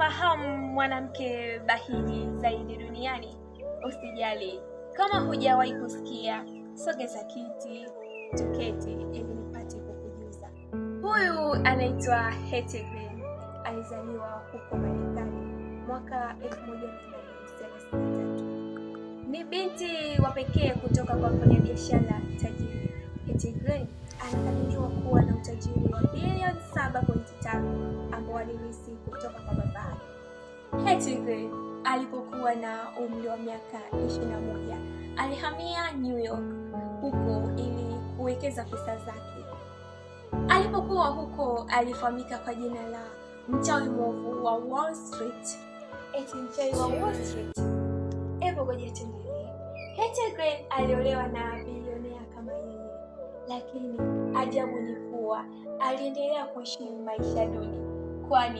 kumfahamu mwanamke bahili zaidi duniani, usijali kama hujawahi kusikia. Sogeza kiti tuketi ili nipate kukujuza. Huyu anaitwa Hetty alizaliwa huko Marekani mwaka 1933. Ni binti wa pekee kutoka kwa mfanyabiashara tajiri. Hetty Green kuwa na utajiri wa bilioni saba walirithi kutoka kwa babaye. Hettingly alipokuwa na umri wa miaka 21 alihamia New York, huko ili kuwekeza pesa zake. Alipokuwa huko alifahamika kwa jina la mchawi mwovu wa Wall Street. Eti mchawi wa Wall Street. Hebu ngoja tuendelee. Hettingly aliolewa na bilionea kama yeye, lakini ajabu ni kuwa aliendelea kuishi maisha duni. буквами.